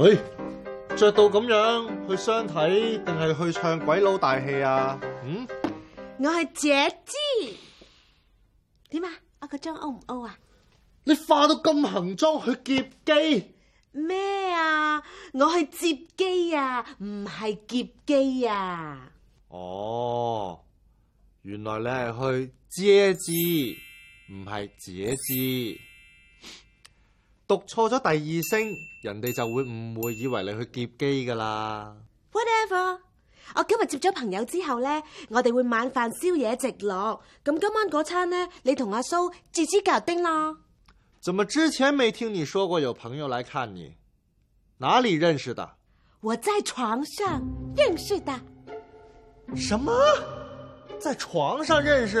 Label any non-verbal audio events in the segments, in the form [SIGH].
喂，着、哎、到咁樣去相睇定係去唱鬼佬大戲啊？嗯，我係接機，點啊？我個妝 O 唔 O 啊？你化到咁行妝去劫機咩啊？我去接機啊，唔係劫機啊。哦，原來你係去接機，唔係劫機。讀錯咗第二聲，人哋就會誤會以爲你去劫機㗎喇。Whatever，我今日接咗朋友之後咧，我哋會晚飯宵夜直落。咁今晚嗰餐咧，你同阿蘇自知界丁啦。怎麼之前沒聽你說過有朋友來看你？哪裏認識的？我在床上認識的。什麼？在床上認識？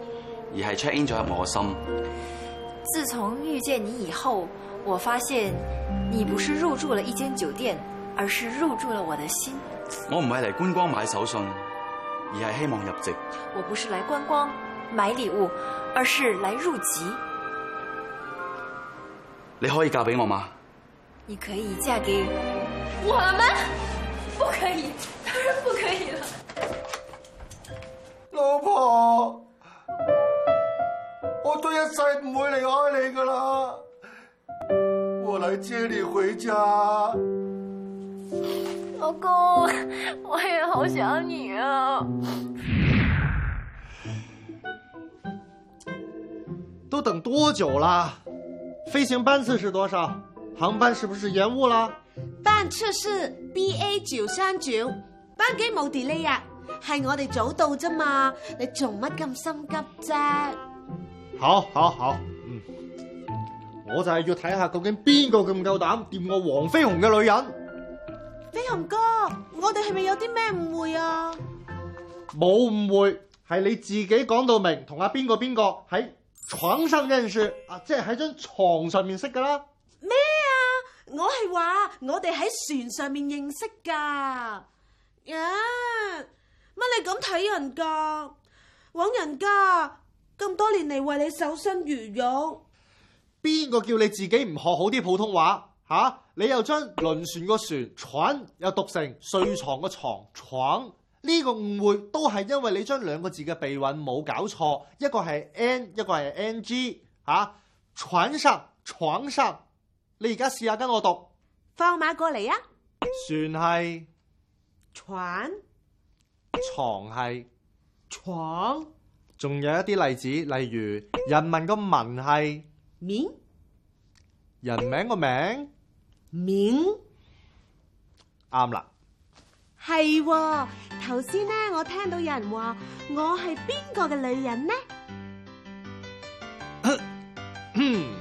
而係 check in 咗入我心。自從遇見你以後，我發現你不是入住了一間酒店，而是入住了我的心。我唔係嚟觀光買手信，而係希望入籍。我不是嚟觀光買禮物，而是嚟入籍。你可以嫁俾我嗎？你可以嫁給我嗎？不可以，當然不可以了。唔會離開你噶啦！我來接你回家。老公，我也好想你啊！都等多久了？飛行班次是多少？航班是不是延誤了？班次是 B A 九三九，班機冇 delay 啊，係我哋早到啫嘛，你做乜咁心急啫？好好好，嗯，我就係要睇下究竟邊個咁夠膽掂我黃飛鴻嘅女人？飛鴻哥，我哋係咪有啲咩誤會啊？冇誤會，係你自己講到明，同阿邊個邊個喺床上嘅人說啊，即係喺張床上面識噶啦。咩啊？我係話我哋喺船上面認識噶。乜你咁睇人噶？枉人噶？咁多年嚟為你守身如玉，邊個叫你自己唔學好啲普通話吓、啊？你又將輪船個船蠢又讀成睡床個床闖，呢個誤會都係因為你將兩個字嘅鼻韻冇搞錯，一個係 n，一個係 ng 吓、啊。船上床上，你而家試下跟我讀，放馬過嚟啊！船係船，床係床。仲有一啲例子，例如人民個民係面，人名個名面，啱啦，係名。頭先咧，我聽到有人話我係邊個嘅女人呢？ [COUGHS]